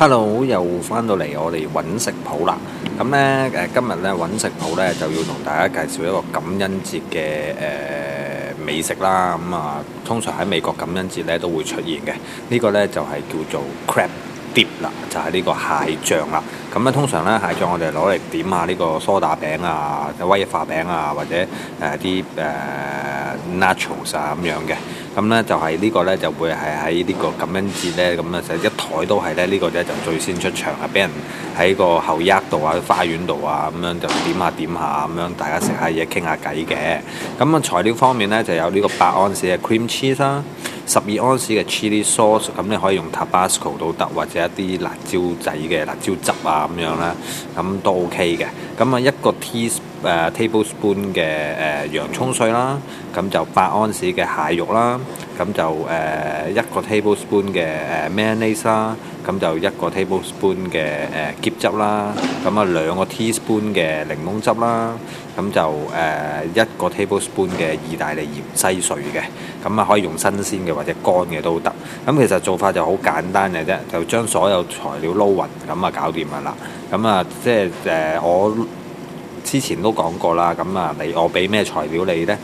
Hello，又翻到嚟我哋揾食譜啦。咁呢，誒，今日呢揾食譜呢，就要同大家介紹一個感恩節嘅誒美食啦。咁啊，通常喺美國感恩節呢，都會出現嘅。呢個呢，就係叫做 crab dip 啦，就係呢個蟹醬啦。咁啊，通常呢，蟹醬我哋攞嚟點下呢個梳打餅啊、威化餅啊，或者啲、uh, nachos 咁樣嘅。咁咧就係呢個咧，就會係喺呢個感恩節咧，咁啊，就一台都係咧，呢個咧就最先出場啊，俾人喺個後 yard 度啊，花園度啊咁樣，就點下點下咁樣，大家食下嘢傾下偈嘅。咁啊，那個、材料方面咧就有呢個八安士嘅 cream cheese 啦，十二安士嘅 chili sauce，咁你可以用 tabasco 都得，或者一啲辣椒仔嘅辣椒汁啊咁樣啦，咁都 OK 嘅。咁啊一個 teas 誒 tablespoon 嘅誒洋葱碎啦，咁就八安士嘅蟹肉啦，咁就誒一個 tablespoon 嘅誒 mayonnaise 啦，咁就一個 tablespoon 嘅誒喼汁啦，咁啊兩個 teaspoon 嘅檸檬汁啦，咁就誒一個 tablespoon 嘅意大利鹽西碎嘅，咁啊可以用新鮮嘅或者乾嘅都得。咁其實做法就好簡單嘅啫，就將所有材料撈勻，咁啊搞掂㗎啦。咁啊即係誒我。之前都講過啦，咁啊，你我俾咩材料你呢？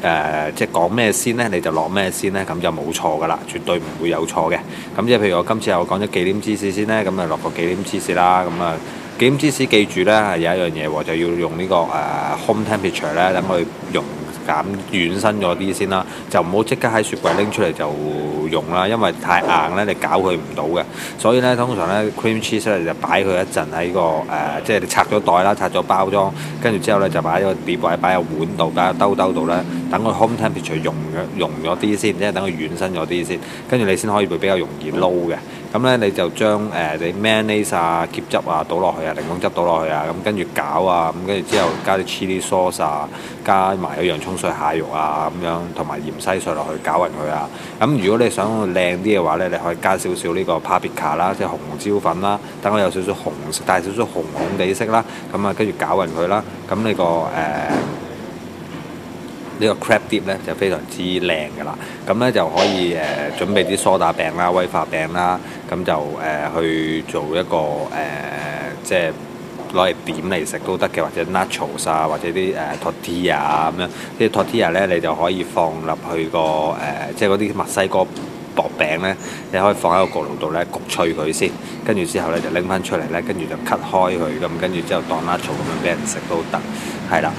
誒、呃，即係講咩先呢？你就落咩先呢？咁就冇錯噶啦，絕對唔會有錯嘅。咁即係譬如我今次又講咗忌廉芝士先呢，咁啊落個忌廉芝士啦，咁啊忌廉芝士記住咧，係有一樣嘢喎，就要用呢、這個誒、呃、home temperature 呢，等佢溶。減軟身咗啲先啦，就唔好即刻喺雪櫃拎出嚟就用啦，因為太硬咧，你搞佢唔到嘅。所以咧，通常咧，cream cheese 出嚟就擺佢一陣喺個誒、呃，即係你拆咗袋啦，拆咗包裝，跟住之後咧就擺喺個碟位，擺喺碗度，擺喺兜兜度咧，等佢 home temperature 溶咗，溶咗啲先，即係等佢軟身咗啲先，跟住你先可以會比較容易撈嘅。咁咧你就將誒、呃、你 mayonnaise 啊、喼汁啊倒落去啊、檸檬汁倒落去啊，咁跟住攪啊，咁跟住之後加啲 chili sauce 啊，加埋啲洋葱碎、蟹肉啊咁樣，同埋芫茜碎落去攪勻佢啊。咁、嗯、如果你想靚啲嘅話咧，你可以加少少呢個 paprika 啦、啊，即係紅椒粉啦，等、啊、佢有少少紅色帶少少紅色、大少少紅紅地色啦。咁啊，跟、嗯、住攪勻佢啦。咁呢個誒。啊啊呢個 crab dip 咧就非常之靚嘅啦，咁咧就可以誒、呃、準備啲梳打餅啦、威化餅啦，咁就誒、呃、去做一個誒、呃，即係攞嚟點嚟食都得嘅，或者 nacho 啊，或者啲誒 tortilla 咁樣，啲 tortilla 咧你就可以放入去個誒、呃，即係嗰啲墨西哥薄餅咧，你可以放喺個焗爐度咧焗脆佢先，跟住之後咧就拎翻出嚟咧，跟住就 cut 開佢咁，跟住之後當 nacho 咁樣俾人食都得，係啦。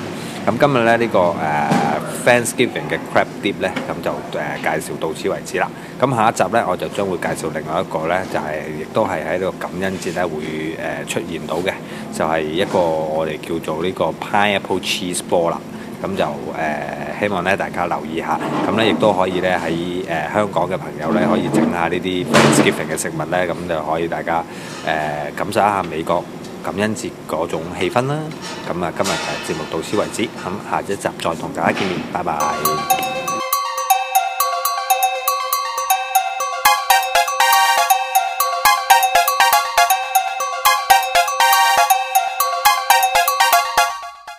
咁今日咧呢、呢個誒。呃呃 Thanksgiving 嘅 crab dip 咧，咁就誒介紹到此為止啦。咁下一集咧，我就將會介紹另外一個咧，就係亦都係喺呢個感恩節咧會誒、呃、出現到嘅，就係、是、一個我哋叫做呢個 pineapple cheese ball 啦。咁就誒、呃、希望咧大家留意下，咁咧亦都可以咧喺誒香港嘅朋友咧可以整下呢啲 Thanksgiving 嘅食物咧，咁就可以大家誒、呃、感受一下美國感恩節嗰種氣氛啦，咁啊，今日就節目到此為止，咁下一集再同大家見面，拜拜。